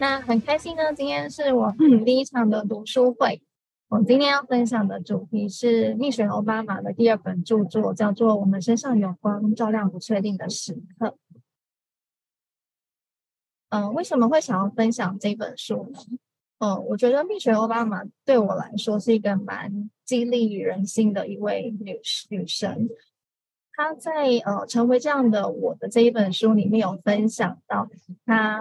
那很開心呢，今天是我第一場的讀書會，嗯。我今天要分享的主題是蜜雪奧巴馬的第二本著作，叫做《我們身上有光，照亮不確定的時刻》。嗯、呃，為什麼會想要分享這本書呢？嗯、呃，我覺得蜜雪奧巴馬對我來說是一個蠻激勵人心的一位女女神。他在呃，成為這樣的我的這一本書裡面有分享到他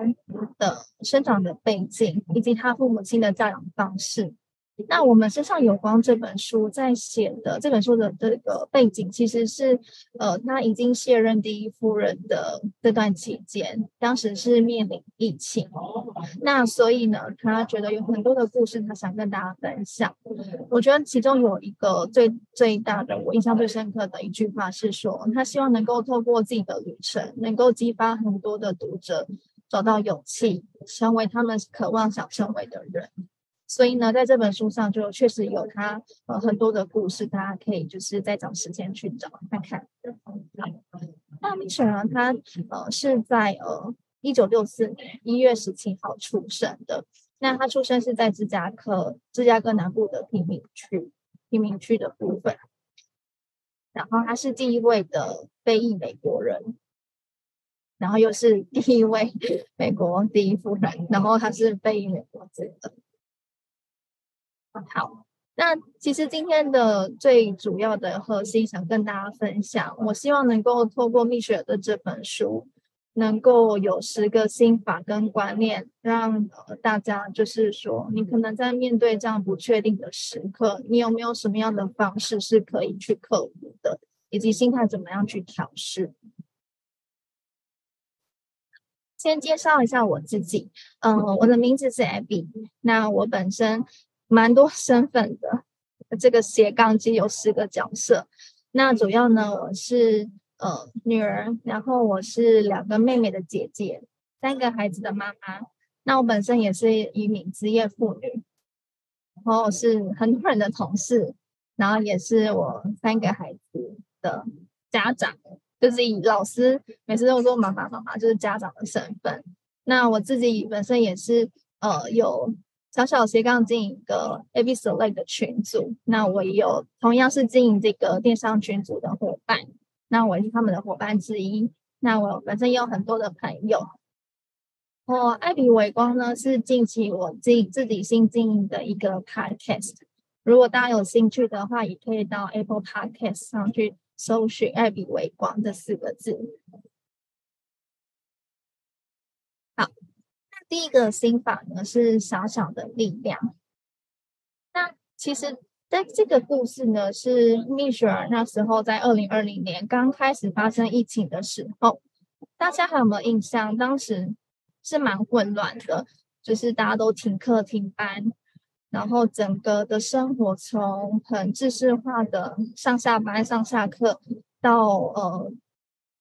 的生長的背景，以及他父母親的教養方式。那我們身上有光這本書在寫的這本書的這個背景，其實是呃，他已經卸任第一夫人的這段期間，當時是面臨疫情，那所以呢，他覺得有很多的故事他想跟大家分享。我覺得其中有一個最最大的我印象最深刻的一句話是說，他希望能夠透過自己的旅程，能夠激發很多的讀者找到勇氣，成為他們渴望想成為的人。所以呢，在這本書上就確實有他呃很多的故事，大家可以就是再找時間去找看看。好，那蜜雪兒他呃是在呃一九六四年一月十七號出生的。那他出生是在芝加哥，芝加哥南部的貧民區，貧民區的部分。然後他是第一位的非裔美國人，然後又是第一位美國第一夫人，然後他是非裔美國人的。好，那其實今天的最主要的核心，想跟大家分享。我希望能夠透過蜜雪的這本書，能夠有十個心法跟觀念，讓大家就是說，你可能在面對這樣不確定的時刻，你有沒有什麼樣的方式是可以去克服的，以及心態怎麼樣去調適。先介紹一下我自己，嗯、呃，我的名字是艾比，那我本身。蠻多身份的，這個斜槓就有四個角色。那主要呢，我是呃女兒，然後我是兩個妹妹的姐姐，三個孩子的媽媽。那我本身也是一名職業婦女，然後我是很多人的同事，然後也是我三個孩子的家長，就是以老師，每次都說媽媽媽媽，就是家長的身份。那我自己本身也是呃有。小小斜槓經營一個 Abby Select 的群組，那我也有同樣是經營這個電商群組的夥伴，那我也是他們的夥伴之一。那我本身也有很多的朋友。哦，艾比微光呢，是近期我自己自己新經營的一個 Podcast。如果大家有興趣的話，也可以到 Apple Podcast 上去搜尋艾比微光這四個字。第一個心法呢，是小小的力量。那其實在這個故事呢，是蜜雪兒那時候在二零二零年剛開始發生疫情的時候，大家還有沒有印象？當時是蠻混亂的，就是大家都停課、停班，然後整個的生活從很制式化的上下班、上下課到呃。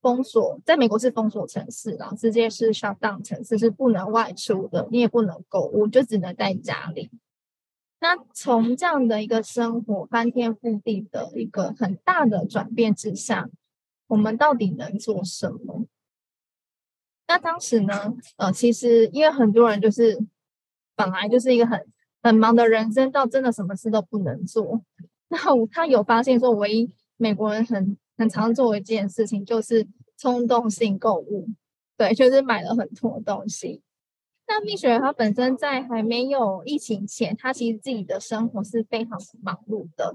封鎖在美國是封鎖城市，啊，然後直接是 shut down 城市，是不能外出的，你也不能購物，就只能在家裡。那從這樣的一個生活翻天覆地的一個很大的轉變之下，我們到底能做什麼？那當時呢？呃，其實因為很多人就是本來就是一個很很忙的人生，到底真的什麼事都不能做。那他有發現說，唯一美國人很。很常做一件事情就是衝動性購物，對，就是買了很多東西。那蜜雪兒她本身在還沒有疫情前，她其實自己的生活是非常忙碌的。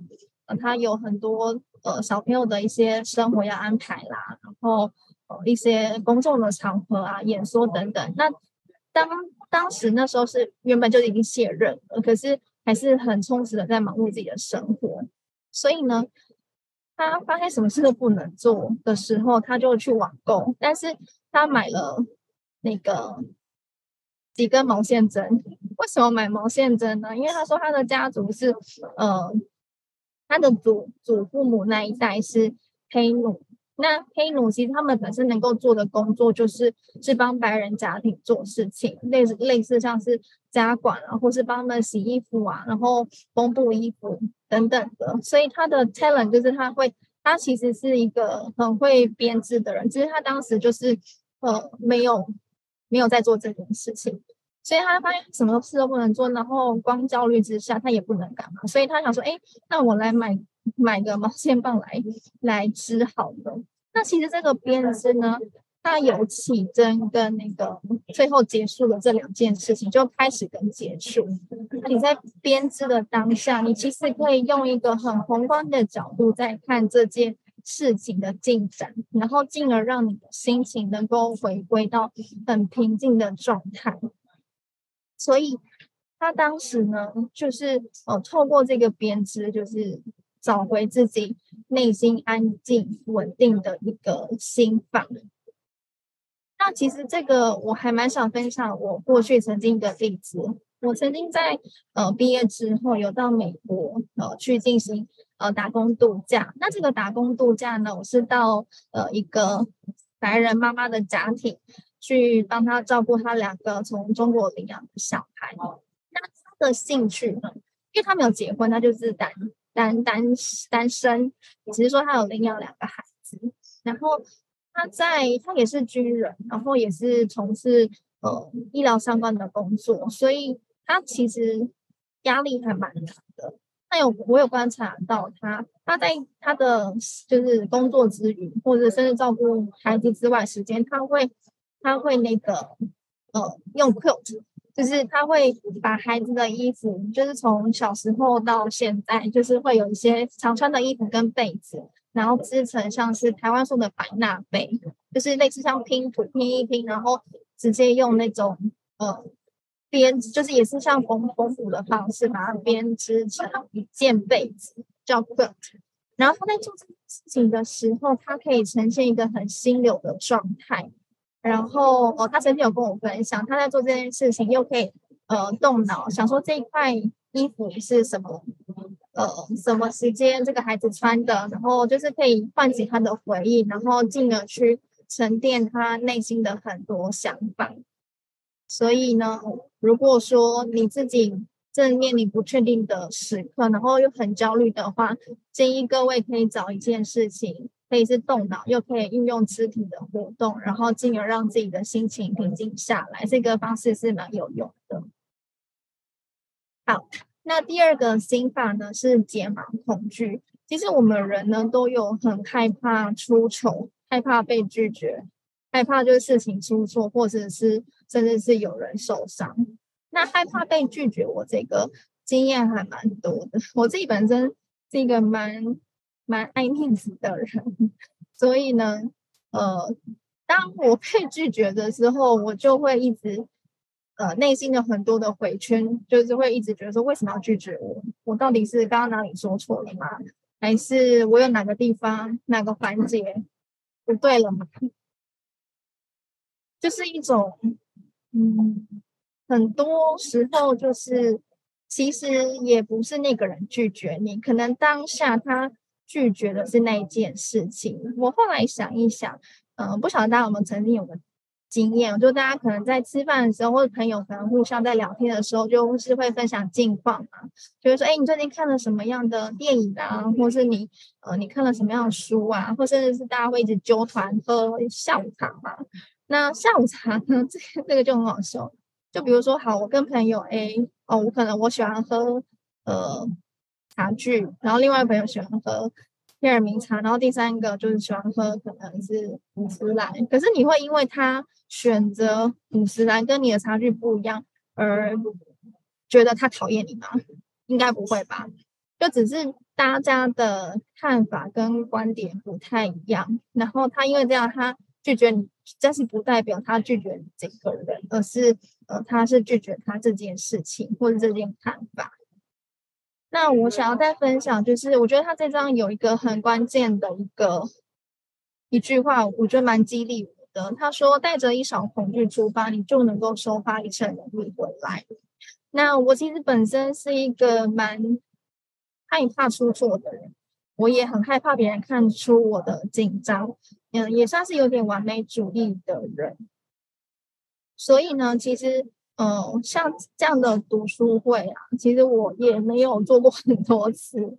她、呃、有很多呃小朋友的一些生活要安排啦，然後、呃、一些公眾的場合啊、演說等等。那當當時那時候是原本就已經卸任，可是還是很充實的在忙碌自己的生活。所以呢。他發現什麼事都不能做的時候，他就去網購。但是他買了那個幾根毛線針。為什麼買毛線針呢？因為他說他的家族是，呃，他的祖祖父母那一代是黑奴。那黑奴其實他們本身能夠做的工作，就是是幫白人家庭做事情，類類似像是。家管啊，或是幫他們洗衣服啊，然後縫補衣服等等的，所以他的 talent 就是他會，他其實是一個很會編織的人，就是他當時就是呃沒有沒有在做這件事情，所以他發現什麼事都不能做，然後光焦慮之下他也不能幹嘛，所以他想說，哎，那我來買買個毛線棒來來織好了。那其實這個編織呢？那有起針跟那個最後結束的這兩件事情，就開始跟結束。你在編織的當下，你其實可以用一個很宏觀的角度在看這件事情的進展，然後進而讓你的心情能夠回歸到很平靜的狀態。所以他當時呢，就是呃透過這個編織，就是找回自己內心安靜穩定的一個心法。那其實這個我還蠻想分享我過去曾經的例子。我曾經在呃畢業之後有到美國呃去進行呃打工度假。那這個打工度假呢，我是到呃一個白人媽媽的家庭去幫她照顧她兩個從中國領養的小孩。那她的興趣呢，因為她沒有結婚，她就是單單單單身，只是說她有領養兩個孩子，然後。他在他也是軍人，然後也是從事呃醫療相關的工作，所以他其實壓力還蠻大的。他有我有觀察到他，他在他的就是工作之餘，或者甚至照顧孩子之外時間，他會他會那個呃用 quilt，就是他會把孩子的衣服，就是從小時候到現在，就是會有一些常穿的衣服跟被子。然後織成像是台灣送的百納被，就是類似像拼圖拼一拼，然後直接用那種呃編織，就是也是像縫縫補的方式，把它編織成一件被子叫布被。然後他在做這個事情的時候，他可以呈現一個很心流的狀態。然後哦，他曾經有跟我分享，他在做這件事情又可以呃動腦，想說這一塊衣服是什麼？呃，什麼時間這個孩子穿的，然後就是可以喚起他的回憶，然後進而去沉澱他內心的很多想法。所以呢，如果說你自己正面臨不確定的時刻，然後又很焦慮的話，建議各位可以找一件事情，可以是動腦，又可以運用肢體的活動，然後進而讓自己的心情平靜下來。這個方式是蠻有用的。好。那第二個心法呢，是解盲恐懼。其實我們人呢，都有很害怕出醜，害怕被拒絕，害怕就是事情出錯，或者是甚至是有人受傷。那害怕被拒絕，我這個經驗還蠻多的。我自己本身是一個蠻蠻愛面子的人，所以呢，呃，當我被拒絕的時候，我就會一直。呃，內心的很多的迴圈，就是會一直覺得說，為什麼要拒絕我？我到底是剛剛哪裡說錯了嗎？還是我有哪個地方、哪個環節不對了嗎？就是一種，嗯，很多時候就是，其實也不是那個人拒絕你，可能當下他拒絕的是那一件事情。我後來想一想，嗯、呃，不曉得大家有沒有曾經有個，經驗，就大家可能在吃飯的時候，或者朋友可能互相在聊天的時候，就是會分享近況嘛，就是說，哎，你最近看了什麼樣的電影啊，或是你，呃，你看了什麼樣的書啊，或甚至是大家會一直揪團喝下午茶嘛。那下午茶呢，這個、這個就很好笑，就比如說，好，我跟朋友，誒，哦，我可能我喜歡喝，呃，茶具，然後另外一個朋友喜歡喝。第二名茶，然後第三個就是喜歡喝，可能是五十嵐。可是你會因為他選擇五十嵐跟你的差距不一樣而覺得他討厭你嗎？應該不會吧，就只是大家的看法跟觀點不太一樣。然後他因為這樣，他拒絕你，但是不代表他拒絕你這個人，而是呃，他是拒絕他這件事情或者這件看法。那我想要再分享，就是我覺得他這章有一個很關鍵的一個一句話，我覺得蠻激勵我的。他說：“帶着一場恐懼出發，你就能夠收發一切能力回來。”那我其實本身是一個蠻害怕出錯的人，我也很害怕別人看出我的緊張，嗯，也算是有點完美主義的人。所以呢，其實。嗯、呃，像這樣的讀書會啊，其實我也沒有做過很多次。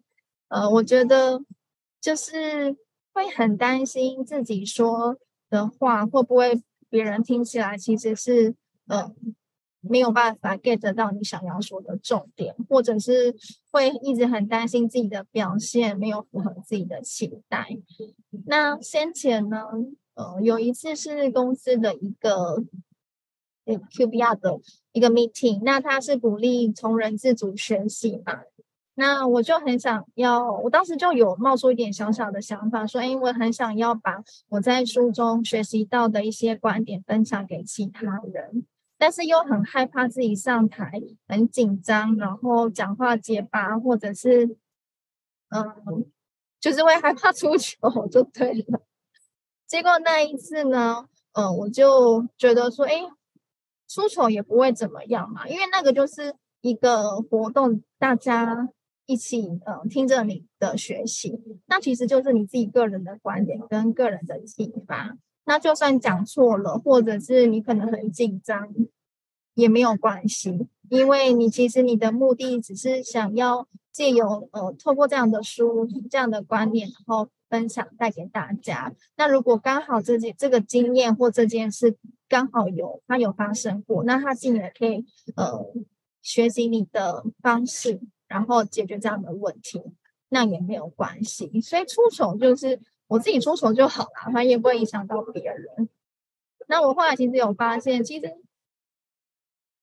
呃，我覺得就是會很擔心自己說的話會不會別人聽起來其實是呃沒有辦法 get 到你想要說的重點，或者是會一直很擔心自己的表現沒有符合自己的期待。那先前呢，呃，有一次是公司的一個。Yeah. QBR 的一個 meeting，那他是鼓勵從人自主學習嘛？那我就很想要，我當時就有冒出一點小小的想法，說：“哎，我很想要把我在書中學習到的一些觀點分享給其他人，但是又很害怕自己上台，很緊張，然後講話結巴，或者是嗯、呃，就是會害怕出糗，就對了。”結果那一次呢，嗯、呃，我就覺得說：“哎。”出醜也不會怎麼樣嘛，因為那個就是一個活動，大家一起嗯、呃、聽着你的學習，那其實就是你自己個人的觀點跟個人的啟發，那就算講錯了，或者是你可能很緊張，也沒有關係。因為你其實你的目的只是想要借由呃，透過這樣的書、這樣的觀念，然後分享帶給大家。那如果剛好自己這個經驗或這件事剛好有它有發生過，那他進而可以呃學習你的方式，然後解決這樣的問題，那也沒有關係。所以出手就是我自己出手就好了，反正也不會影響到別人。那我後來其實有發現，其實。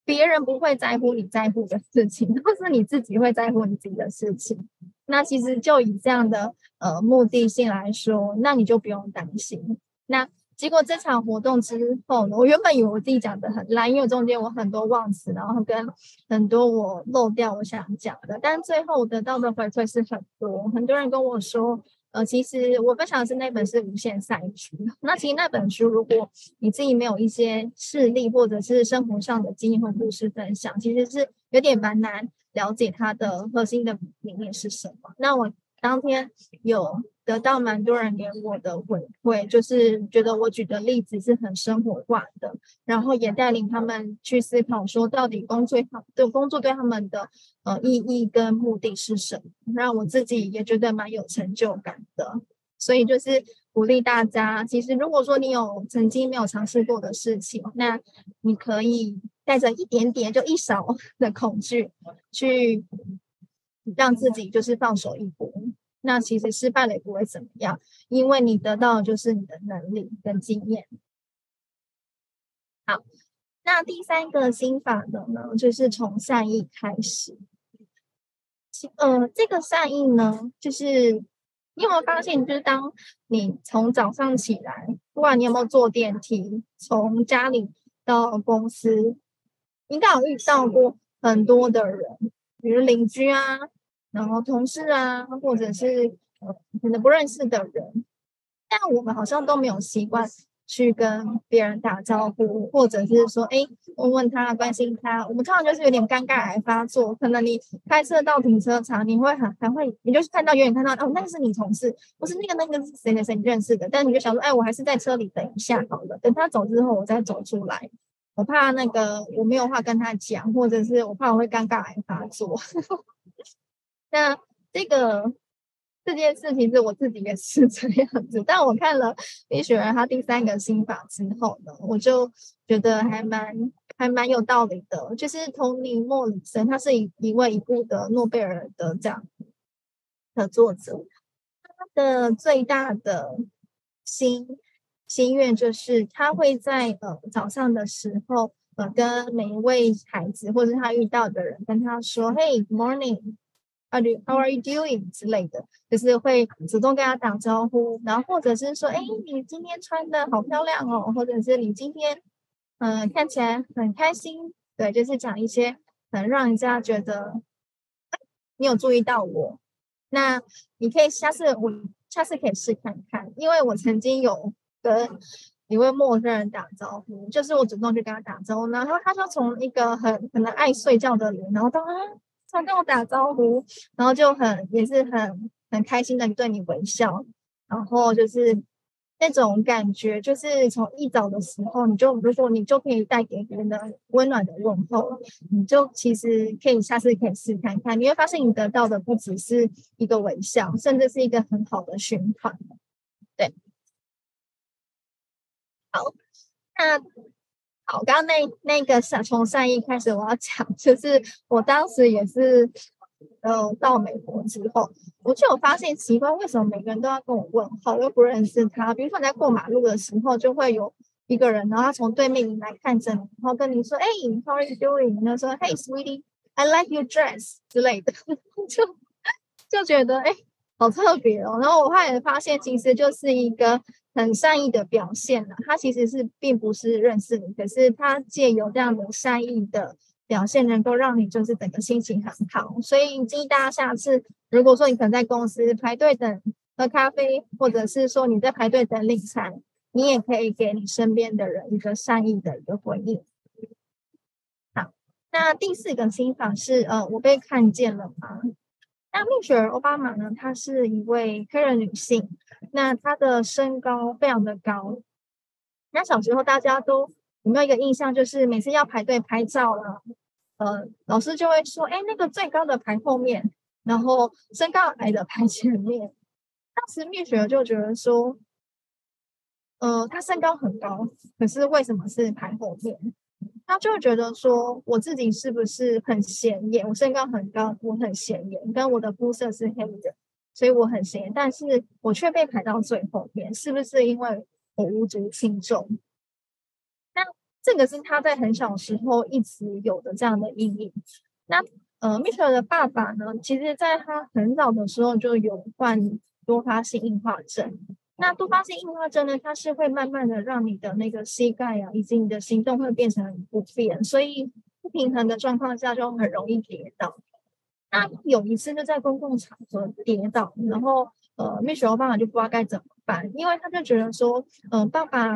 別人不會在乎你在乎的事情，都是你自己會在乎你自己的事情。那其實就以這樣的呃目的性來說，那你就不用擔心。那經過這場活動之後呢，我原本以為我自己講的很爛，因為中間我很多忘詞，然後跟很多我漏掉我想講的，但最後我得到的回饋是很多，很多人跟我說。呃，其實我分享的是那本是《無限賽局》。那其實那本書，如果你自己沒有一些事例，或者是生活上的經驗或故事分享，其實是有點蠻難了解它的核心的理念是什麼。那我當天有。得到蠻多人給我的回饋，就是覺得我舉的例子是很生活化的，然後也帶領他們去思考，說到底工作對工作對他們的呃意義跟目的是什麼，讓我自己也覺得蠻有成就感的。所以就是鼓勵大家，其實如果說你有曾經沒有嘗試過的事情，那你可以帶着一點點就一勺的恐懼去，讓自己就是放手一搏。那其實失敗了也不會怎麼樣，因為你得到的就是你的能力跟經驗。好，那第三個心法的呢，就是從善意開始。呃，這個善意呢，就是你有沒有發現，就是當你從早上起來，不管你有沒有坐電梯，從家裡到公司，應該有遇到過很多的人，比如鄰居啊。然後同事啊，或者是可能不認識的人，但我們好像都沒有習慣去跟別人打招呼，或者是說哎，問問他，關心他，我們通常就是有點尷尬癌發作。可能你開車到停車場，你會很還會，你就是看到遠遠看到哦，那個是你同事，不是那個那個是誰誰誰你認識的，但你就想說哎，我還是在車裡等一下好了，等他走之後我再走出來，我怕那個我沒有話跟他講，或者是我怕我會尷尬癌發作。那這個這件事情是我自己也是這樣子，但我看了蜜雪兒他第三個心法之後呢，我就覺得還蠻還蠻有道理的。就是托妮莫里森，他是一一位已故的諾貝爾得獎的作者，他的最大的心心願就是他會在呃早上的時候，呃跟每一位孩子或者他遇到的人跟他說：“Hey, good morning。”啊，How are you doing？之類的，就是會主動跟他打招呼，然後或者是說，哎，你今天穿的好漂亮哦，或者是你今天，嗯、呃，看起來很開心，對，就是講一些很讓人家覺得、哎、你有注意到我。那你可以下次，我下次可以試看看，因為我曾經有跟一位陌生人打招呼，就是我主動去跟他打招呼，然後他說從一個很可能愛睡覺的人，然後到他。他跟我打招呼，然後就很也是很很開心的對你微笑，然後就是那種感覺，就是從一早的時候，你就比如說你就可以帶給別人的溫暖的問候，你就其實可以下次可以試看看，你會發現你得到的不只是一個微笑，甚至是一個很好的循環。對，好，那。好，剛剛那那個從善從善意開始，我要講，就是我當時也是，呃，到美國之後，我就有發現奇怪，為什麼每個人都要跟我問好，又不認識他？比如說你在過馬路的時候，就會有一個人，然後他從對面來看着你，然後跟你說：“哎、hey,，how are you doing？” 然後說：“Hey, sweetie, I like your dress 之類的， 就就覺得哎。欸”好特別哦，然後我後來發現，其實就是一個很善意的表現了。他其實是並不是認識你，可是他借由這樣的善意的表現，能夠讓你就是整個心情很好。所以你建議大家下次，如果說你可能在公司排隊等喝咖啡，或者是說你在排隊等領餐，你也可以給你身邊的人一個善意的一個回應。好，那第四個心法是，呃，我被看見了嗎？那蜜雪兒歐巴馬呢？她是一位黑人女性，那她的身高非常的高。那小時候大家都有沒有一個印象，就是每次要排隊拍照了，呃，老師就會說：“哎、欸，那個最高的排後面，然後身高矮的排前面。”當時蜜雪兒就覺得說：“呃，她身高很高，可是為什麼是排後面？”他就覺得說，我自己是不是很顯眼？我身高很高，我很顯眼，跟我的膚色是黑的，所以我很顯眼。但是我卻被排到最後面，是不是因為我無足輕重？那這個是他在很小的時候一直有的這樣的陰影。那呃，米 l 的爸爸呢，其實在他很早的時候就有患多發性硬化症。那多發性硬化症呢，它是會慢慢的讓你的那個膝蓋啊，以及你的行動會變成很不便，所以不平衡的狀況下就很容易跌倒。那、啊、有一次就在公共場合跌倒，然後呃，蜜雪兒歐巴馬就不知道該怎麼辦，因為他就覺得說，嗯、呃，爸爸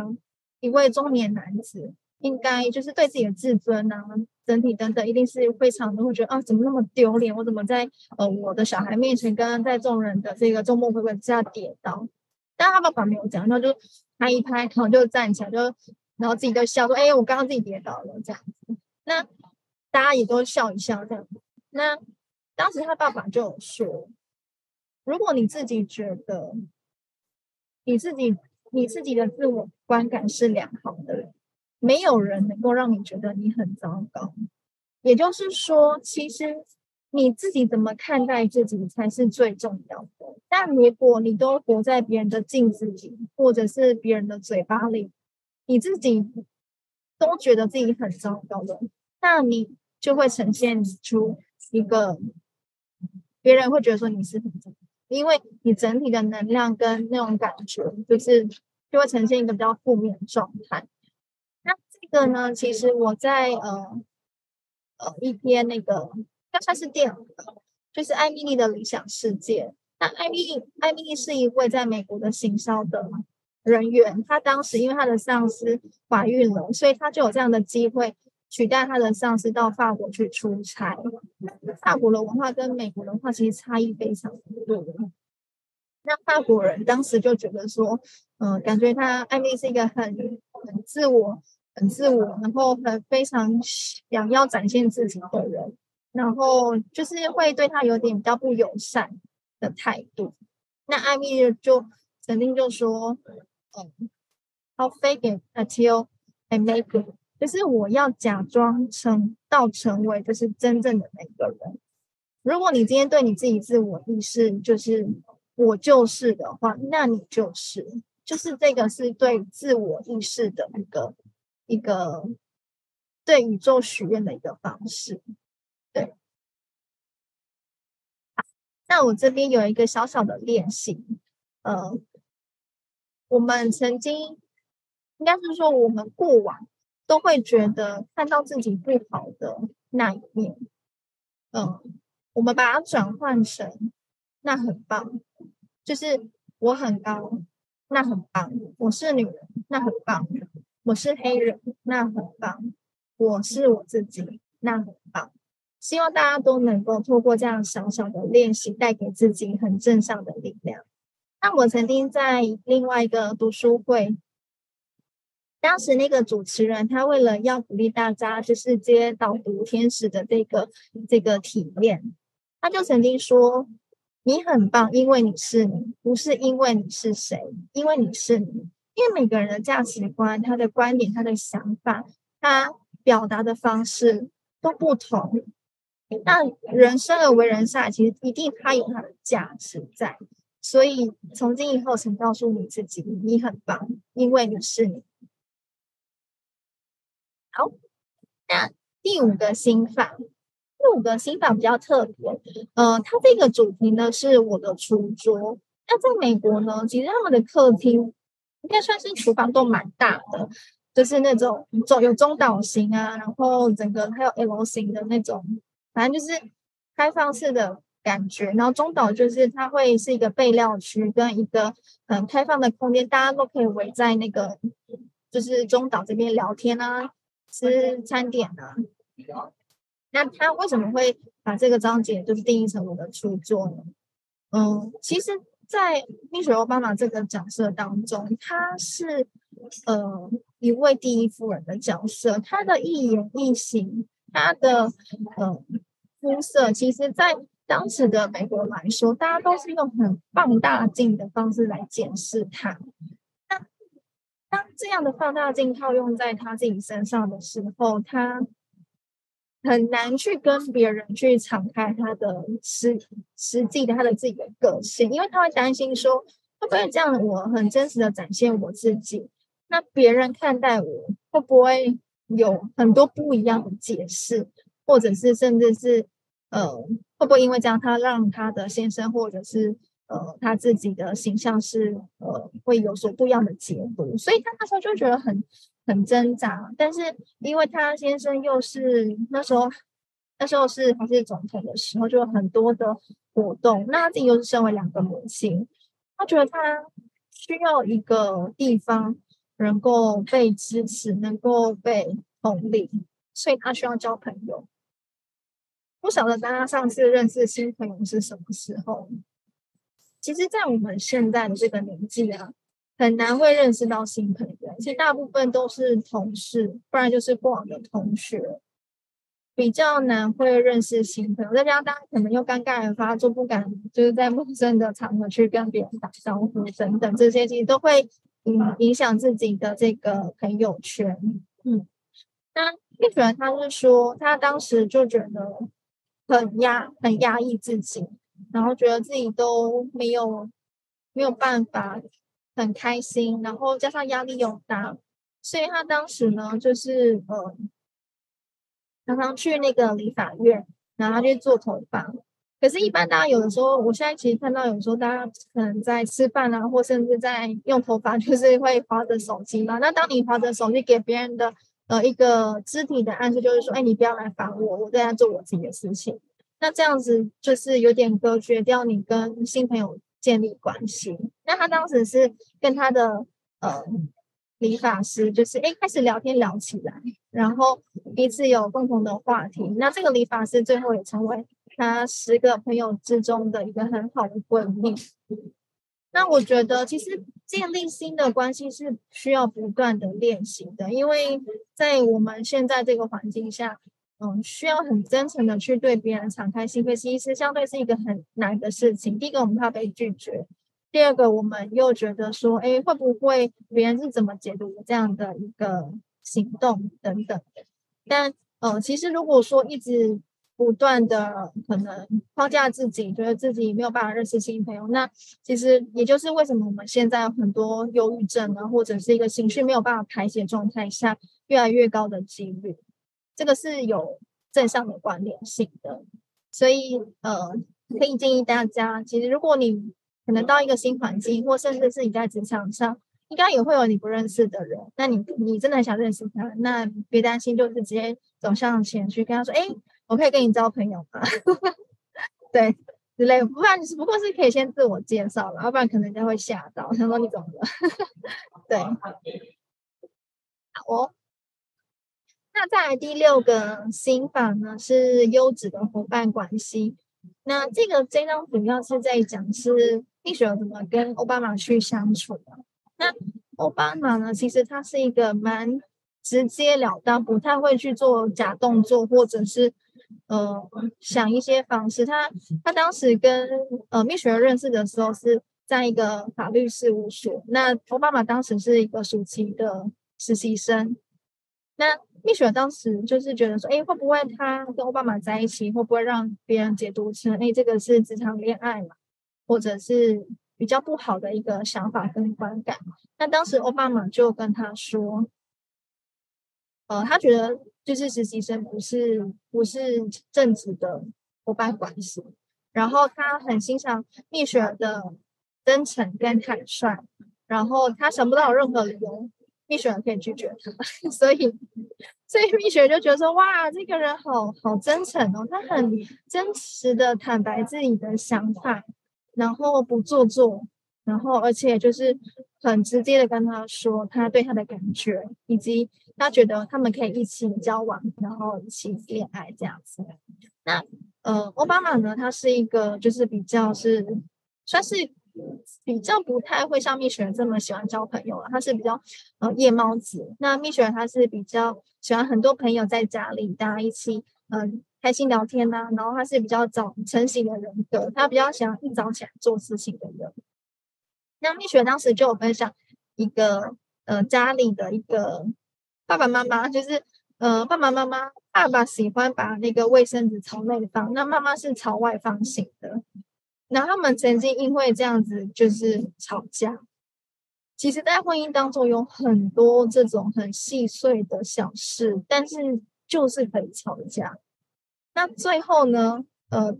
一位中年男子，應該就是對自己的自尊啊、整體等等，一定是非常的會覺得啊，怎麼那麼丟臉？我怎麼在呃我的小孩面前跟在眾人的這個眾目睽睽之下跌倒？但他爸爸沒有講，他就拍一拍，然後就站起來，就然後自己就笑說：“哎，我剛剛自己跌倒了，這樣子。”那大家也都笑一笑，這樣子。那當時他爸爸就有說：“如果你自己覺得你自己你自己的自我觀感是良好的，沒有人能夠讓你覺得你很糟糕。”也就是說，其實。你自己怎麼看待自己才是最重要的，但如果你都活在別人的鏡子裡，或者是別人的嘴巴裡，你自己都覺得自己很糟糕了，那你就會呈現出一個別人會覺得說你是很糟，因為你整體的能量跟那種感覺，就是就會呈現一個比較負面的狀態。那這個呢，其實我在呃呃一篇那個。那它是電影，就是艾米麗的理想世界。那艾米艾米麗是一位在美國的行銷的人員，她當時因為她的上司懷孕了，所以她就有這樣的機會取代她的上司到法國去出差。法國的文化跟美國的文化其實差異非常多。那法國人當時就覺得說，嗯、呃，感覺他艾米是一個很很自我、很自我，然後很非常想要展現自己的人。然後就是會對他有點比較不友善的態度。那艾米就肯定就說：“嗯，how fake it until I make it。就是我要假裝成到成為就是真正的那個人。如果你今天對你自己自我意識就是我就是的話，那你就是就是這個是對自我意識的一個一個對宇宙許願的一個方式。”對，那我這邊有一個小小的練習，呃，我們曾經應該是說，我們過往都會覺得看到自己不好的那一面，嗯、呃，我們把它轉換成那很棒，就是我很高，那很棒；我是女人，那很棒；我是黑人，那很棒；我是我自己，那很棒。希望大家都能夠透過這樣小小的練習，帶給自己很正向的力量。那我曾經在另外一個讀書會，當時那個主持人他為了要鼓勵大家，就是接導讀天使的這個這個體驗，他就曾經說：“你很棒，因為你是你，不是因為你是誰，因為你是你，因為每個人的價值觀、他的觀點、他的想法、他表達的方式都不同。”那人生而為人善，其實一定他有他的價值在，所以從今以後，請告訴你自己，你很棒，因為你是你。好，那第五個心法，第五個心法比較特別，呃，它這個主題呢是我的餐桌。那在美國呢，其實他們的客廳應該算是廚房都蠻大的，就是那種有中島型啊，然後整個還有 L 型的那種。反正就是開放式的感覺，然後中島就是它會是一個備料區跟一個很開放的空間，大家都可以圍在那個就是中島這邊聊天啊，吃餐點啊。那他為什麼會把這個章節就是定義成我的著作呢？嗯，其實在，在蜜雪兒歐巴馬這個角色當中，他是呃一位第一夫人的角色，他的一言一行。他的嗯、呃、膚色，其實，在當時的美國來說，大家都是用很放大鏡的方式來檢視他。那當這樣的放大鏡套用在他自己身上的時候，他很難去跟別人去敞開他的實實際的他的自己的個性，因為他會擔心說，會不會這樣，我很真實的展現我自己，那別人看待我會不會？有很多不一樣的解釋，或者是甚至是，呃，會不會因為這樣，他讓他的先生或者是呃，他自己的形象是呃，會有所不一樣的解讀？所以他那時候就覺得很很掙扎。但是因為他先生又是那時候那時候是還是總統的時候，就有很多的活動。那他自己又是身為兩個母親，他覺得他需要一個地方。能夠被支持，能夠被同理，所以他需要交朋友。不曉得大家上次認識新朋友是什麼時候？其實，在我們現在的這個年紀啊，很難會認識到新朋友，而且大部分都是同事，不然就是過往的同學，比較難會認識新朋友。再加上大家可能又尷尬的發作，就不敢就是在陌生的場合去跟別人打招呼，等等這些，其實都會。嗯，影響自己的這個朋友圈，嗯，那最主要他是說，他當時就覺得很壓，很壓抑自己，然後覺得自己都沒有沒有辦法很開心，然後加上壓力又大，所以他當時呢就是，呃常常去那個理髮院，然後他去做頭髮。可是，一般大家有的時候，我現在其實看到，有的時候大家可能在吃飯啊，或甚至在用頭髮，就是會滑着手機嘛。那當你滑着手機，給別人的呃一個肢體的暗示，就是說，哎、欸，你不要來煩我，我在做我自己的事情。那這樣子就是有點隔絕掉你跟新朋友建立關係。那他當時是跟他的呃理髮師，就是哎、欸、開始聊天聊起來，然後彼此有共同的話題。那這個理髮師最後也成為。他十個朋友之中的一個很好的閨蜜，那我覺得其實建立新的關係是需要不斷的練習的，因為在我們現在這個環境下，嗯、呃，需要很真誠的去對別人敞開心扉，其實相對是一個很難的事情。第一個，我們怕被拒絕；第二個，我們又覺得說，哎，會不會別人是怎麼解讀這樣的一個行動等等。但，嗯、呃，其實如果說一直。不斷的可能框架自己，覺得自己沒有辦法認識新朋友，那其實也就是為什麼我們現在有很多憂鬱症啊，或者是一個情緒沒有辦法排解狀態下越來越高的幾率，這個是有正向的關聯性的。所以呃，可以建議大家，其實如果你可能到一個新環境，或甚至是你在職場上，應該也會有你不認識的人，那你你真的很想認識他，那別擔心，就是直接走向前去跟他說，哎。我可以跟你交朋友嗎？ 對，之類，不然不過是可以先自我介紹啦，要不然可能人家會嚇到。他說你怎麼了？ 對，好哦。那再來第六個心法呢，是優質的夥伴關係。那這個這張主要是在講是你史有什麼跟奧巴馬去相處的。那奧巴馬呢，其實他是一個蠻直截了當，不太會去做假動作，或者是。呃，想一些方式。他他當時跟呃蜜雪兒認識的時候是在一個法律事務所。那奧巴馬當時是一個暑期的實習生。那蜜雪兒當時就是覺得說，哎、欸，會不會他跟奧巴馬在一起，會不會讓別人解讀成誒、欸，這個是職場戀愛嘛，或者是比較不好的一個想法跟觀感？那當時奧巴馬就跟他說，呃，他覺得。就是實習生不是不是正職的夥伴關係，然後他很欣賞蜜雪兒的真誠跟坦率，然後他想不到有任何理由，蜜雪兒可以拒絕他，所以所以蜜雪兒就覺得說，哇，這個人好好真誠哦，他很真實的坦白自己的想法，然後不做作，然後而且就是很直接的跟他說他對他的感覺以及。他覺得他們可以一起交往，然後一起戀愛這樣子。那呃，歐巴馬呢？他是一個就是比較是算是比較不太會像蜜雪兒這麼喜歡交朋友了、啊。他是比較呃夜貓子。那蜜雪兒他是比較喜歡很多朋友在家裡，大家一起嗯、呃、開心聊天吶、啊。然後他是比較早晨型的人格，他比較喜歡一早起來做事情的人。那蜜雪兒當時就有分享一個呃家裡的一個。爸爸媽媽就是，呃，爸爸媽媽，爸爸喜歡把那個衛生紙朝內放，那媽媽是朝外放型的。然後他們曾經因為這樣子就是吵架。其實在婚姻當中有很多這種很細碎的小事，但是就是可以吵架。那最後呢，呃，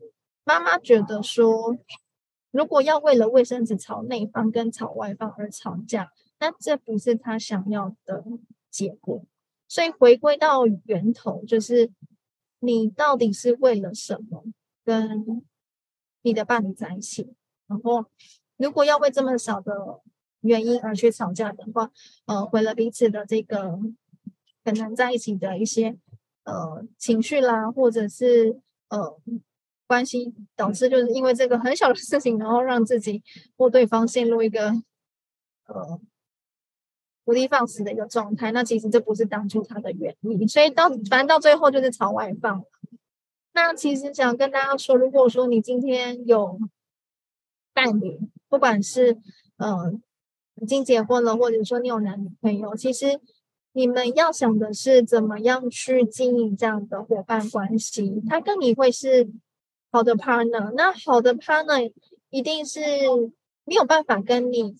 媽媽覺得說，如果要為了衛生紙朝內放跟朝外放而吵架，那這不是她想要的。結果，所以回歸到源頭，就是你到底是為了什麼跟你的伴侶在一起？然後，如果要為這麼小的原因而去吵架的話，呃，毀了彼此的這個可能在一起的一些呃情緒啦，或者是呃關係，導致就是因為這個很小的事情，然後讓自己或對方陷入一個呃。無的放矢的一個狀態，那其實這不是當初他的原因，所以到反正到最後就是朝外放。那其實想跟大家說，如果說你今天有伴侶，不管是嗯、呃、已經結婚了，或者說你有男女朋友，其實你們要想的是怎麼樣去經營這樣的夥伴關係。他跟你會是好的 partner，那好的 partner 一定是沒有辦法跟你。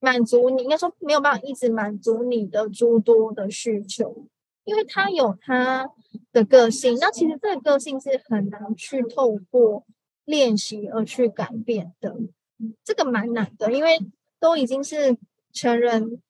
滿足你，應該說沒有辦法一直滿足你的諸多的需求，因為他有他的個性，那其實這個個性是很難去透過練習而去改變的，這個蠻難的，因為都已經是成人。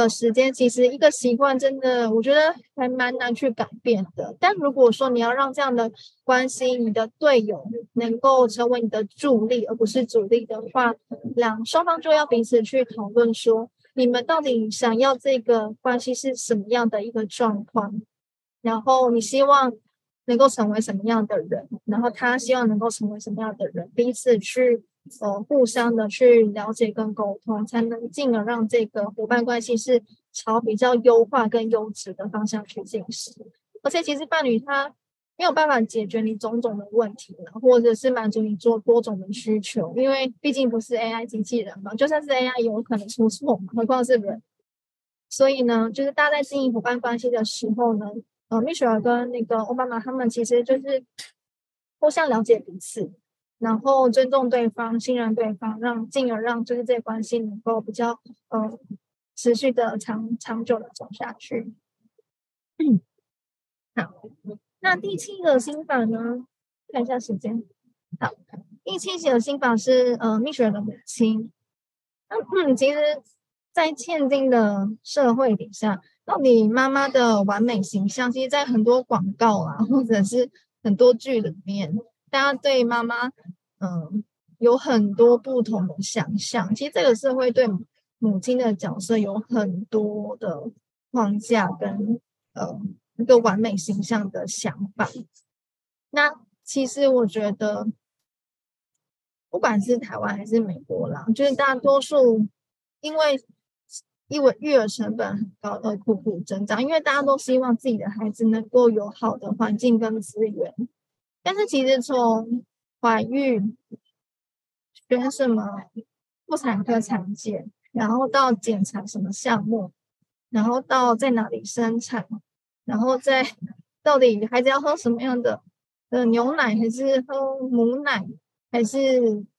的時間其實一個習慣，真的我覺得還蠻難去改變的。但如果說你要讓這樣的關係，你的隊友能夠成為你的助力而不是阻力的話，兩雙方就要彼此去討論說，你們到底想要這個關係是什麼樣的一個狀況，然後你希望能夠成為什麼樣的人，然後他希望能夠成為什麼樣的人，彼此去。呃，互相的去了解跟溝通，才能進而讓這個夥伴關係是朝比較優化跟優質的方向去進行。而且，其實伴侶他沒有辦法解決你種種的問題呢，或者是滿足你做多種的需求，因為畢竟不是 AI 機器人嘛，就算是 AI 也有可能出錯嘛，何況是人。所以呢，就是大家在經營夥伴關係的時候呢，呃，Michelle 跟那個奧巴馬他們其實就是互相了解彼此。然後尊重對方，信任對方，讓進而讓、就是、這個關係能夠比較呃持續的長長久的走下去，嗯。好，那第七個心法呢？看一下時間。好，第七個心法是呃蜜雪兒的母親，啊。嗯，其實，在現今的社會底下，到底媽媽的完美形象，其實，在很多廣告啊，或者是很多劇裡面。大家對媽媽，嗯、呃，有很多不同的想象其實這個社會對母親的角色有很多的框架跟呃一個完美形象的想法。那其實我覺得，不管是台灣還是美國啦，就是大多數因為因為育兒成本很高，而苦苦掙扎。因為大家都希望自己的孩子能夠有好的環境跟資源。但是其實從懷孕，選什麼婦產科產檢，然後到檢查什麼項目，然後到在哪裡生產，然後在到底孩子要喝什麼樣的的，呃，牛奶，還是喝母奶，還是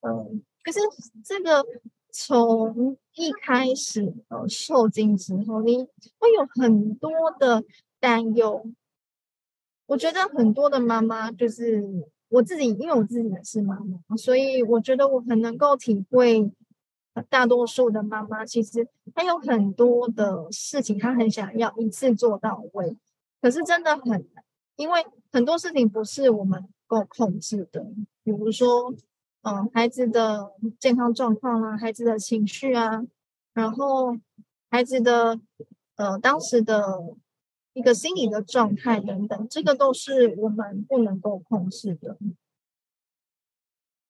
呃，可是這個從一開始呃受精之後，你會有很多的擔憂。我覺得很多的媽媽就是我自己，因為我自己也是媽媽，所以我覺得我很能夠體會大多數的媽媽，其實她有很多的事情，她很想要一次做到位，可是真的很難，因為很多事情不是我們能夠控制的，比如說，嗯、呃，孩子的健康狀況啊，孩子的情緒啊，然後孩子的，呃，當時的。一個心理的狀態等等，這個都是我們不能夠控制的。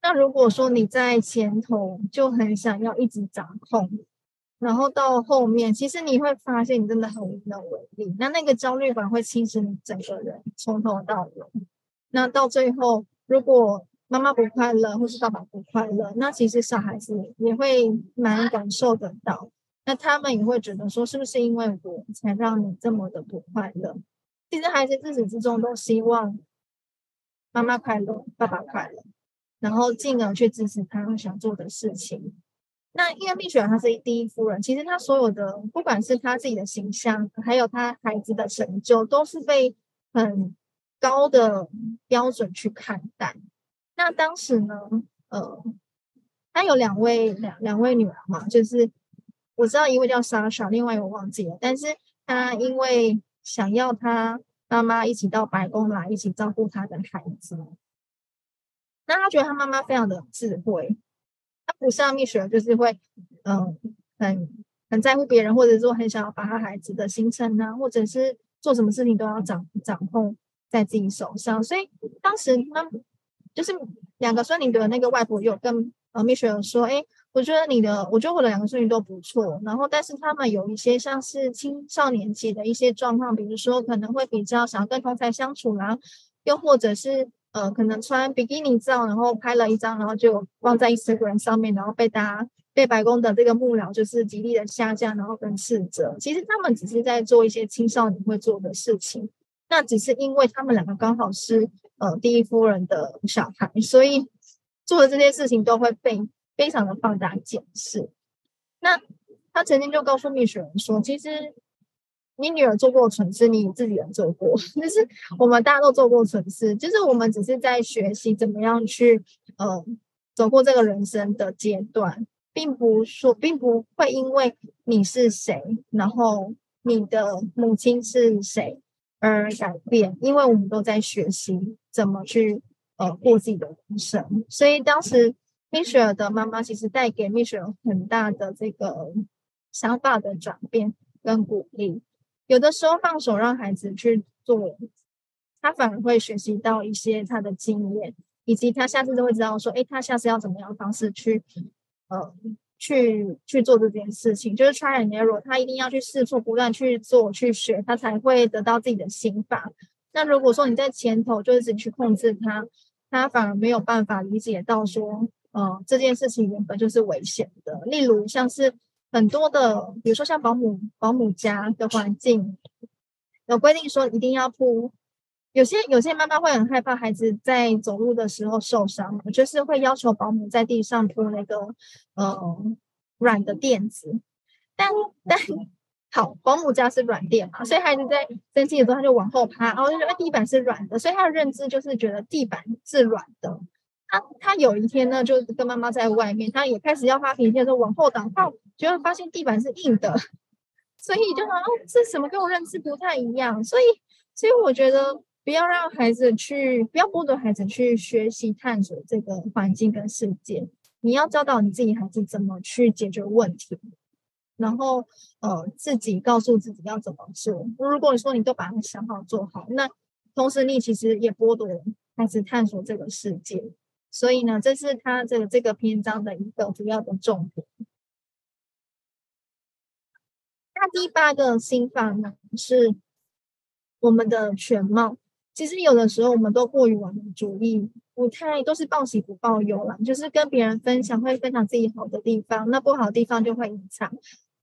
那如果說你在前頭就很想要一直掌控，然後到後面，其實你會發現你真的很無能為力。那那個焦慮感會侵蝕你整個人，從頭到尾。那到最後，如果媽媽不快樂，或是爸爸不快樂，那其實小孩子也會蠻感受得到。那他們也會覺得說，是不是因為我才讓你這麼的不快樂？其實孩子自始至終都希望媽媽快樂，爸爸快樂，然後進而去支持他們想做的事情。那因為蜜雪兒她是一第一夫人，其實她所有的不管是她自己的形象，還有她孩子的成就，都是被很高的標準去看待。那當時呢，呃，她有兩位兩兩位女兒嘛，就是。我知道一位叫莎莎，另外一位我忘記了。但是他因為想要他媽媽一起到白宮來，一起照顧他的孩子，那他覺得他媽媽非常的智慧，他不像蜜雪兒就是會，嗯、呃，很很在乎別人，或者說很想要把他孩子的行程啊，或者是做什麼事情都要掌掌控在自己手上。所以當時他就是兩個孫女的那個外婆有跟呃蜜雪兒說，誒，我覺得你的，我覺得我的兩個孫女都不錯，然後但是他們有一些像是青少年期的一些狀況，比如說可能會比較想要跟同儕相處、啊，然後又或者是呃可能穿比基尼照，然後拍了一張，然後就放在 Instagram 上面，然後被大家被白宮的這個幕僚就是極力的下架，然後跟斥責。其實他們只是在做一些青少年會做的事情，那只是因為他們兩個剛好是呃第一夫人的小孩，所以做的這些事情都會被。非常的放大檢視。那他曾經就告訴蜜雪兒說：“其實你女兒做過的蠢事，你自己也做過。 就是我們大家都做過蠢事，就是我們只是在學習怎麼樣去呃走過這個人生的階段，並不說並不會因為你是誰，然後你的母親是誰而改變，因為我們都在學習怎麼去呃過自己的人生。”所以當時。蜜雪兒的媽媽其實帶給蜜雪兒很大的這個想法的轉變跟鼓勵。有的時候放手讓孩子去做，他反而會學習到一些他的經驗，以及他下次就會知道說，誒、欸，他下次要怎麼樣的方式去，呃，去去做這件事情。就是 try and error，他一定要去試錯，不斷去做去學，他才會得到自己的心法。那如果說你在前頭就是自己去控制他，他反而沒有辦法理解到說。嗯、呃，這件事情原本就是危險的。例如，像是很多的，比如說像保姆、保姆家的環境，有規定說一定要鋪。有些有些媽媽會很害怕孩子在走路的時候受傷，就是會要求保姆在地上鋪那個呃軟的墊子。但但好，保姆家是軟墊嘛，所以孩子在生氣的時候他就往後趴，然後就說地板是軟的，所以他的認知就是覺得地板是軟的。他他有一天呢，就跟媽媽在外面，他也開始要發脾氣的時候往後倒，後就發現地板是硬的，所以就想哦，這是什麼？跟我認知不太一樣。所以，所以我覺得不要讓孩子去，不要剝奪孩子去學習探索這個環境跟世界。你要教導你自己孩子怎麼去解決問題，然後呃，自己告訴自己要怎麼做。如果你說你都把它想好做好，那同時你其實也剝奪了孩子探索這個世界。所以呢，這是他這個這個篇章的一個主要的重點。那第八個心法呢，是我們的全貌。其實有的時候，我們都過於完美主義，不太都是報喜不報憂了，就是跟別人分享會分享自己好的地方，那不好的地方就會隱藏。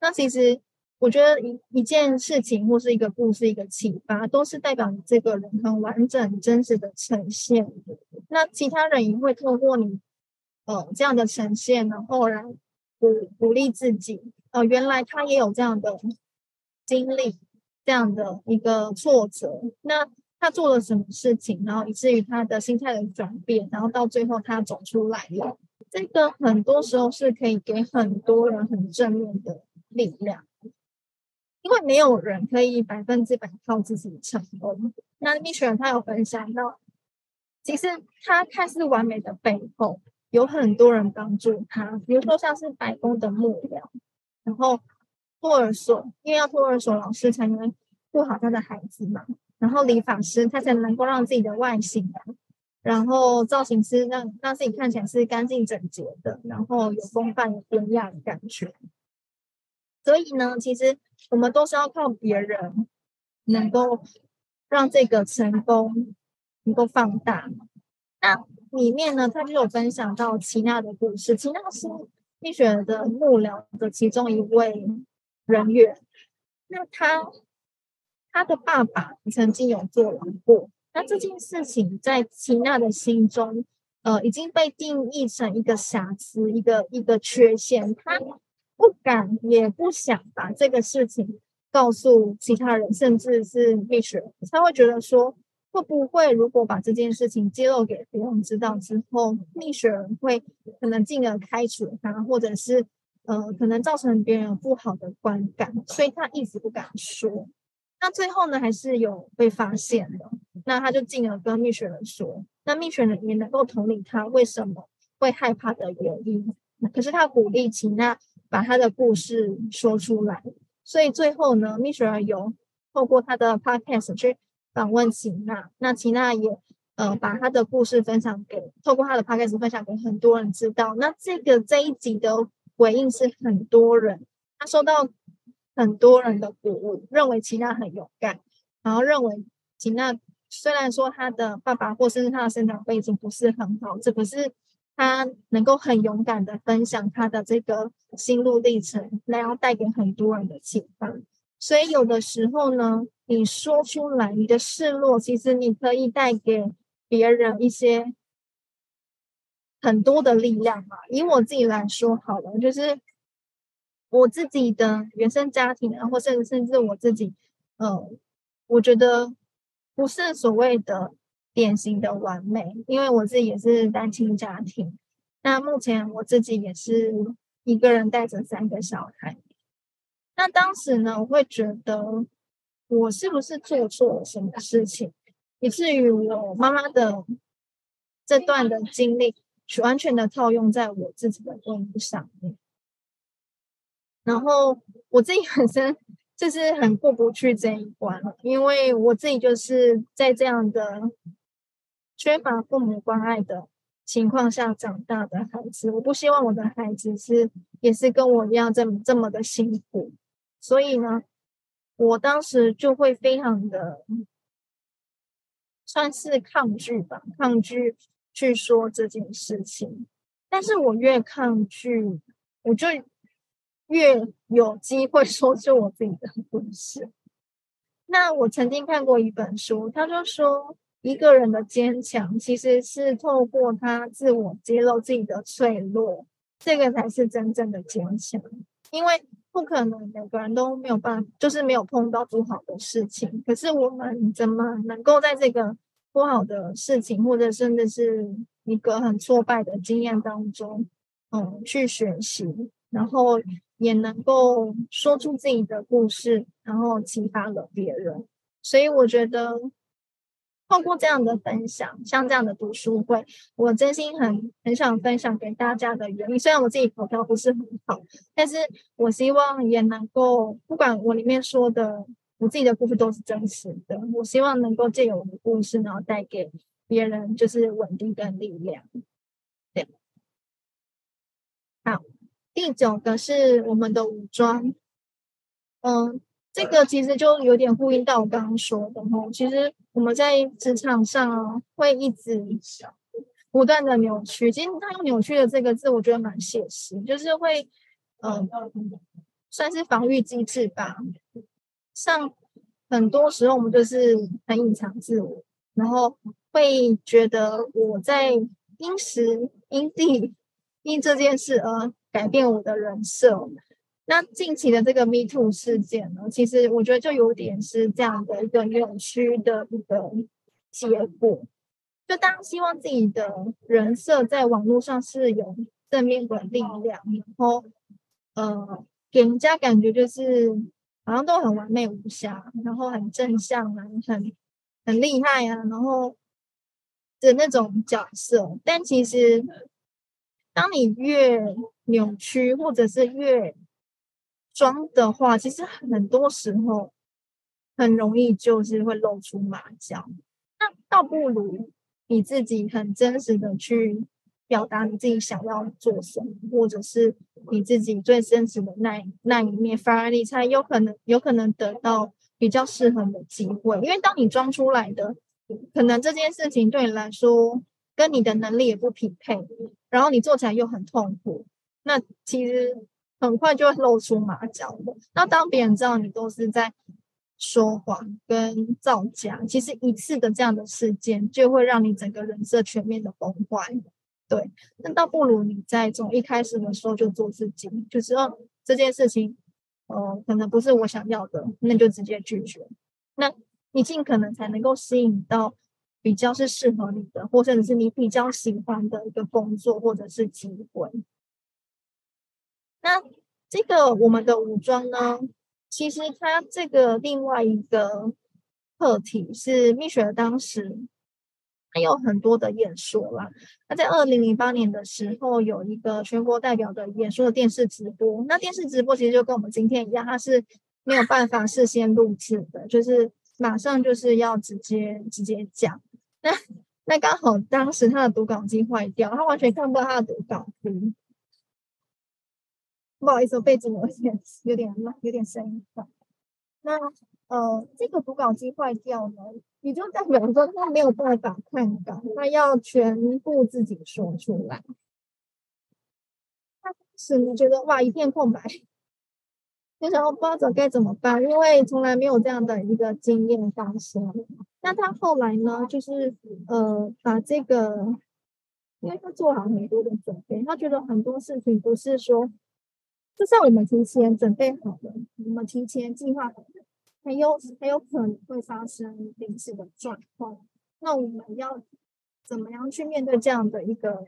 那其實。我覺得一一件事情或是一個故事、一個啟發，都是代表你這個人很完整、真實的呈現。那其他人也會透過你，呃，這樣的呈現，然後來鼓鼓勵自己。呃，原來他也有這樣的經歷，這樣的一個挫折，那他做了什麼事情，然後以至於他的心態的轉變，然後到最後他走出來了。這個很多時候是可以給很多人很正面的力量。因為沒有人可以百分之百靠自己成功。那蜜雪兒他有分享到，其實他看似完美的背後，有很多人幫助他，比如說像是白宮的幕僚，然後托兒所，因為要托兒所老師才能護好他的孩子嘛。然後理髮師，他才能夠讓自己的外形，啊，然後造型師讓讓自己看起來是乾淨整潔的，然後有風範、典雅的感覺。所以呢，其實我們都是要靠別人，能夠讓這個成功能夠放大。那、啊、裡面呢，他就有分享到齊娜的故事。齊娜是蜜雪的幕僚的其中一位人員。那他他的爸爸曾經有坐牢過，那這件事情在齊娜的心中，呃，已經被定義成一個瑕疵，一個一個缺陷。他不敢也不想把這個事情告訴其他人，甚至是蜜雪兒，他會覺得說會不會，如果把這件事情揭露給別人知道之後，蜜雪兒會可能進而開除他，或者是呃，可能造成別人不好的觀感，所以他一直不敢說。那最後呢，還是有被發現的，那他就進而跟蜜雪兒說，那蜜雪兒也能夠同理他為什麼會害怕的原因，可是他鼓勵吉娜。把他的故事說出來，所以最後呢，Michelle 有透過他的 podcast 去訪問齊娜，那齊娜也呃把他的故事分享給透過他的 podcast 分享給很多人知道。那這個這一集的回應是很多人，他收到很多人的鼓舞，認為齊娜很勇敢，然後認為齊娜雖然說他的爸爸或是他的生長背景不是很好，這不是。他能夠很勇敢的分享他的這個心路歷程，然後帶給很多人的啟發。所以有的時候呢，你說出來你的失落，其實你可以帶給別人一些很多的力量嘛。以我自己來說，好了，就是我自己的原生家庭，然後甚至甚至我自己，嗯、呃，我覺得不是所謂的。典型的完美，因為我自己也是單親家庭，那目前我自己也是一個人帶着三個小孩。那當時呢，我會覺得我是不是做錯了什麼事情，以至於我媽媽的這段的經歷完全的套用在我自己的問題上面。然後我自己本身就是很過不去這一關了，因為我自己就是在這樣的。缺乏父母關愛的情況下長大的孩子，我不希望我的孩子是也是跟我一樣這麼這麼的辛苦，所以呢，我當時就會非常的，算是抗拒吧，抗拒去說這件事情。但是我越抗拒，我就越有機會說出我自己的故事。那我曾經看過一本書，他就說，一個人的堅強，其實是透過他自我揭露自己的脆弱，這個才是真正的堅強。因為不可能每個人都沒有辦法，就是沒有碰到不好的事情。可是我們怎麼能夠在這個不好的事情，或者甚至是一個很挫敗的經驗當中，嗯，去學習，然後也能夠說出自己的故事，然後啟發了別人。所以我覺得。透過這樣的分享，像這樣的讀書會，我真心很很想分享給大家的原因。雖然我自己口條不是很好，但是我希望也能夠，不管我裡面說的，我自己的故事都是真實的。我希望能夠借由我的故事，然後帶給別人就是穩定跟力量。對，好，第九個是我們的武裝，嗯。這個其實就有點呼應到我剛剛說的哈，其實我們在職場上啊，會一直不斷的扭曲，其實他用扭曲的這個字，我覺得蠻寫實，就是會嗯，呃，算是防禦機制吧。像很多時候我們就是很隱藏自我，然後會覺得我在因時因地因這件事而改變我的人設。那近期的這個 Me Too 事件呢，其實我覺得就有點是這樣的一個扭曲的一個結果，就當希望自己的人設在網絡上是有正面的力量，然後，呃，給人家感覺就是好像都很完美無瑕，然後很正向啊，很很厲害啊，然後的那種角色，但其實當你越扭曲，或者是越裝的話，其實很多時候很容易就是會露出馬腳。那倒不如你自己很真實的去表達你自己想要做什麼，或者是你自己最真實的那一那一面，反而你才有可能有可能得到比較適合的機會。因為當你裝出來的，可能這件事情對你來說跟你的能力也不匹配，然後你做起來又很痛苦，那其實。很快就會露出馬腳的。那當別人知道你都是在說謊跟造假，其實一次的這樣的事件就會讓你整個人設全面的崩壞。對，那倒不如你在從一開始的時候就做自己，就是、嗯、這件事情，哦、呃，可能不是我想要的，那就直接拒絕。那你盡可能才能夠吸引到比較是適合你的，或者是你比較喜歡的一個工作或者是機會。那這個我們的武裝呢？其實它這個另外一個課題是蜜雪兒當時它有很多的演說啦。那在二零零八年的時候，有一個全國代表的演說的電視直播。那電視直播其實就跟我們今天一樣，他是沒有辦法事先錄製的，就是馬上就是要直接直接講。那那剛好當時他的讀稿機壞掉，他完全看不到他的讀稿。嗯。不好意思，我背景有點有點亂，有點聲音。那呃，這個讀稿機壞掉了，也就代表說他沒有辦法看稿，他要全部自己說出來。他開始你覺得哇一片空白，那時候不知道該怎麼辦，因為從來沒有這樣的一個經驗發生。那他後來呢，就是呃把這個，因為他做好很多的準備，他覺得很多事情不是說。就像我們提前準備好了，我們提前計劃好了，還有還有可能會發生臨時的狀況，那我們要怎麼樣去面對這樣的一個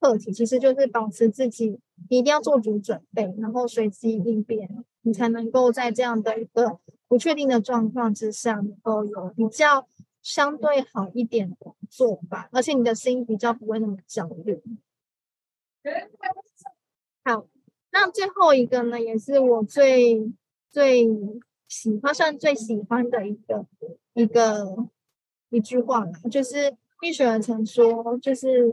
課題？其實就是保持自己，你一定要做足準備，然後隨機應變，你才能夠在這樣的一個不確定的狀況之下，能夠有比較相對好一點的做法，而且你的心比較不會那麼焦慮。好。那最後一個呢，也是我最最喜歡，上最喜歡的一個一個一句話就是蜜雪兒曾說，就是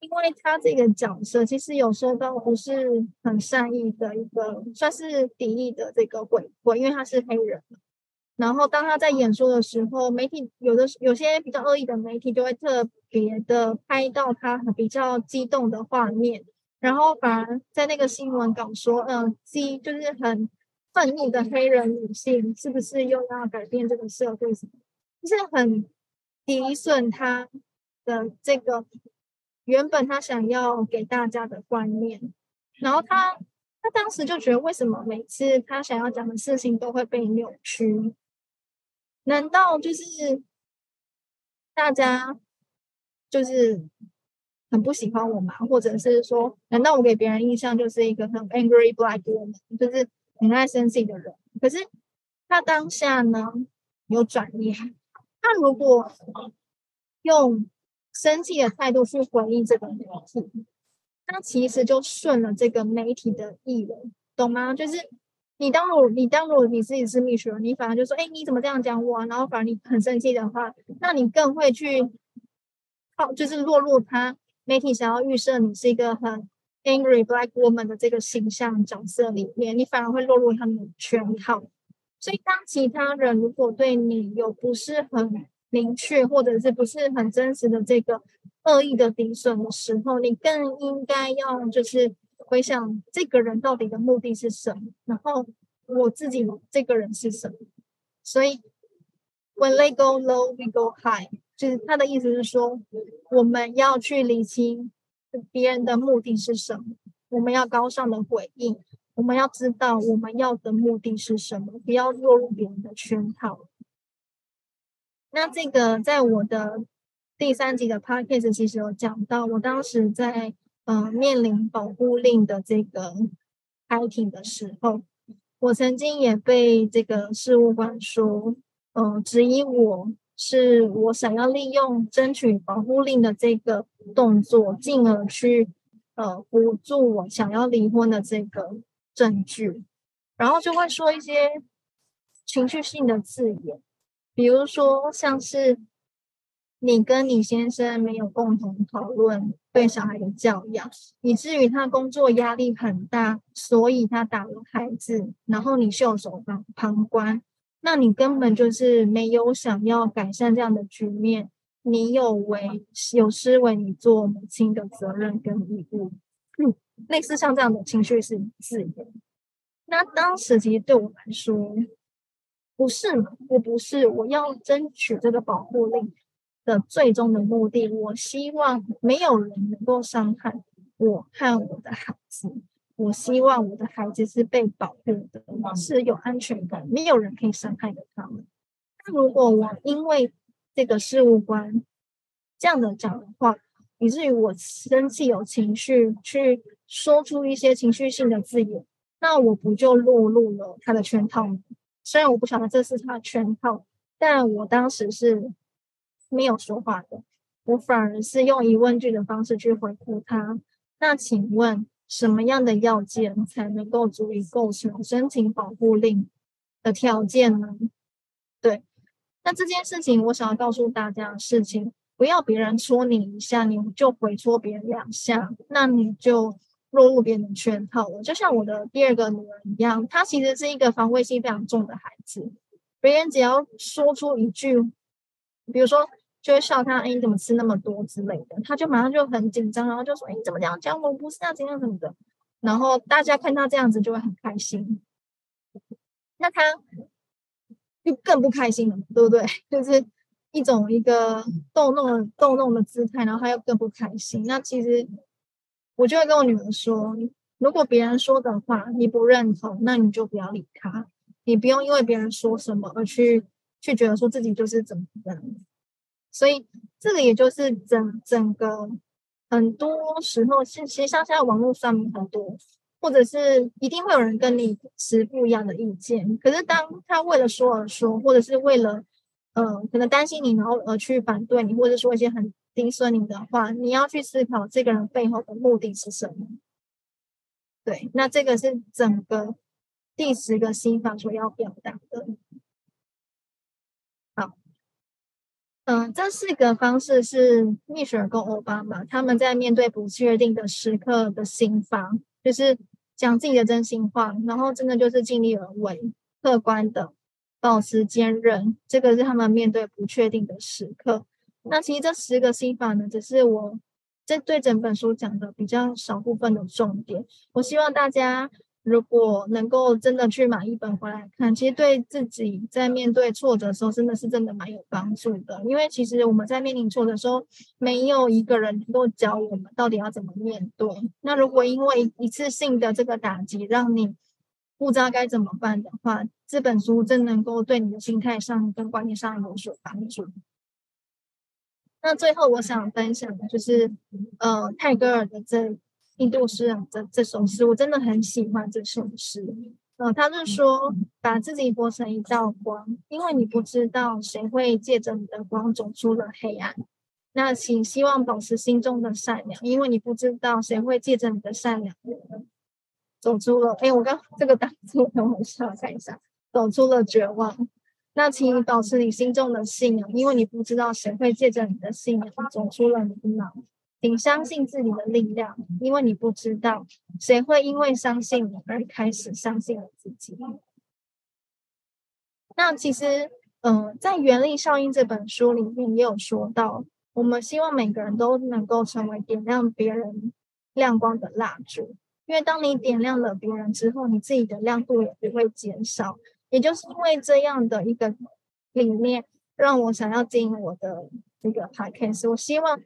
因為他這個角色，其實有時候都不是很善意的一個，算是敵意的這個回饋，因為他是黑人。然後當他在演說的時候，媒體有的有些比較惡意的媒體就會特別的拍到他很比較激動的畫面。然後反而在那個新聞稿說，嗯，呃，C 就是很憤怒的黑人女性，是不是又要改變這個社會是什麼？就是很抵順她的這個原本她想要給大家的觀念。然後她她當時就覺得，為什麼每次她想要講的事情都會被扭曲？難道就是大家就是？很不喜歡我嘛，或者是說，難道我給別人印象就是一個很 angry black woman 就是很愛生氣的人？可是他當下呢有轉念，他如果用生氣的態度去回應這個東西，那其實就順了這個媒體的意了，懂嗎？就是你當如你當如你自己是 Michelle 你反而就說，哎，你怎麼這樣講我啊？然後反而你很生氣的話，那你更會去好，就是落入他。媒體想要預設你是一個很 angry black woman 的這個形象角色裡面，你反而會落入他們的圈套。所以，當其他人如果對你有不是很明確或者是不是很真實的這個惡意的詆毀的時候，你更應該要就是回想這個人到底的目的是什麼，然後我自己這個人是什麼。所以，when they go low, we go high. 他的意思是說，我們要去理清別人的目的是什麼，我們要高尚的回應，我們要知道我們要的目的是什麼，不要落入別人的圈套。那這個在我的第三集的 podcast 其實有講到，我當時在嗯、呃、面臨保護令的這個開庭的時候，我曾經也被這個事務官說嗯、呃、質疑我。是我想要利用爭取保護令的這個動作，進而去呃輔助我想要離婚的這個證據，然後就會說一些情緒性的字眼，比如說像是你跟你先生沒有共同討論對小孩的教養，以至於他工作壓力很大，所以他打了孩子，然後你袖手旁旁觀。那你根本就是沒有想要改善這樣的局面，你有為，有失為，你做母親的責任跟義務，嗯，類似像這樣的情緒是自由。那當時其實對我來說，不是嘛？我不是，我要爭取這個保護令的最終的目的，我希望沒有人能夠傷害我和我的孩子。我希望我的孩子是被保護的，是有安全感，沒有人可以傷害到他們。那如果我因為這個事物觀這樣子講的話，以至於我生氣有情緒，去說出一些情緒性的字眼，那我不就落入了他的圈套嗎？雖然我不曉得這是他的圈套，但我當時是沒有說話的，我反而是用疑問句的方式去回覆他。那請問？什麼樣的要件才能夠足以構成申請保護令的條件呢？對，那這件事情我想要告訴大家的事情，不要別人戳你一下，你就回戳別人兩下，那你就落入別人的圈套了。就像我的第二個女兒一樣，她其實是一個防衛性非常重的孩子，別人只要說出一句，比如說。就會笑他，哎、欸，你怎麼吃那麼多之類的？他就馬上就很緊張，然後就說，哎、欸，你怎麼這樣？這樣我不是要怎樣怎麼的。然後大家看他這樣子就會很開心，那他就更不開心了，對不對？就是一種一個逗弄逗弄的姿態，然後他又更不開心。那其實我就會跟我女兒說，如果別人說的話你不認同，那你就不要理他，你不用因為別人說什麼而去去覺得說自己就是怎麼怎麼樣。所以，這個也就是整整個很多時候，其實像現在網絡上面很多，或者是一定會有人跟你持不一樣的意見。可是，當他為了說而說，或者是為了呃可能擔心你，然後而去反對你，或者說一些很丁聲你的話，你要去思考這個人背後的目的是什麼？對，那這個是整個第十個心法所要表達的。嗯，這四個方式是蜜雪兒跟歐巴馬他們在面對不確定的時刻的心法，就是講自己的真心話，然後真的就是盡力而為，客觀的保持堅韌。這個是他們面對不確定的時刻。那其實這十個心法呢，只是我這對整本書講的比較少部分的重點。我希望大家。如果能夠真的去買一本回來看，其實對自己在面對挫折的時候，真的是真的蠻有幫助的。因為其實我們在面臨挫折的時候，沒有一個人能夠教我們到底要怎麼面對。那如果因為一次性的這個打擊，讓你不知道該怎麼辦的話，這本書真能夠對你的心態上跟觀念上有所幫助。那最後我想分享的就是，呃，泰戈爾的這。印度詩人、啊、這這首詩，我真的很喜歡這首詩。嗯、呃，他就說，把自己活成一道光，因為你不知道誰會借着你的光走出了黑暗。那請希望保持心中的善良，因為你不知道誰會借着你的善良走出了。哎，我剛，剛這個打錯了，我需要看一下，走出了絕望。那請你保持你心中的信仰，因為你不知道誰會借着你的信仰走出了迷茫。請相信自己的力量，因為你不知道誰會因為相信你而開始相信你自己。那其實，嗯、呃，在《原力效應》這本書裡面也有說到，我們希望每個人都能夠成為點亮別人亮光的蠟燭，因為當你點亮了別人之後，你自己的亮度也不會減少。也就是因為這樣的一個理念，讓我想要經營我的這個 podcast。我希望。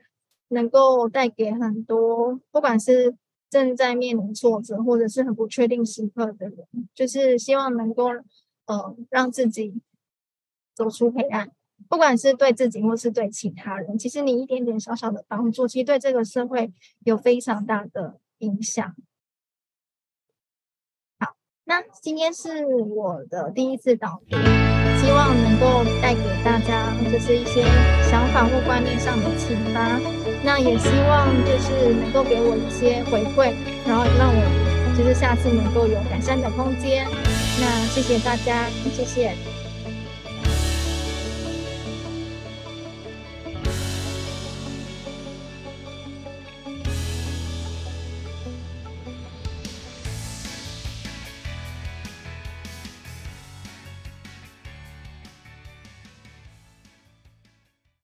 能夠帶給很多，不管是正在面臨挫折，或者是很不確定時刻的人，就是希望能夠，呃，讓自己走出黑暗，不管是對自己或是對其他人，其實你一點點小小的幫助，其實對這個社會有非常大的影響。好，那今天是我的第一次導讀，希望能夠帶給大家就是一些想法或觀念上的啟發。那也希望就是能夠給我一些回饋，然後讓我就是下次能夠有改善的空間。那謝謝大家，謝謝。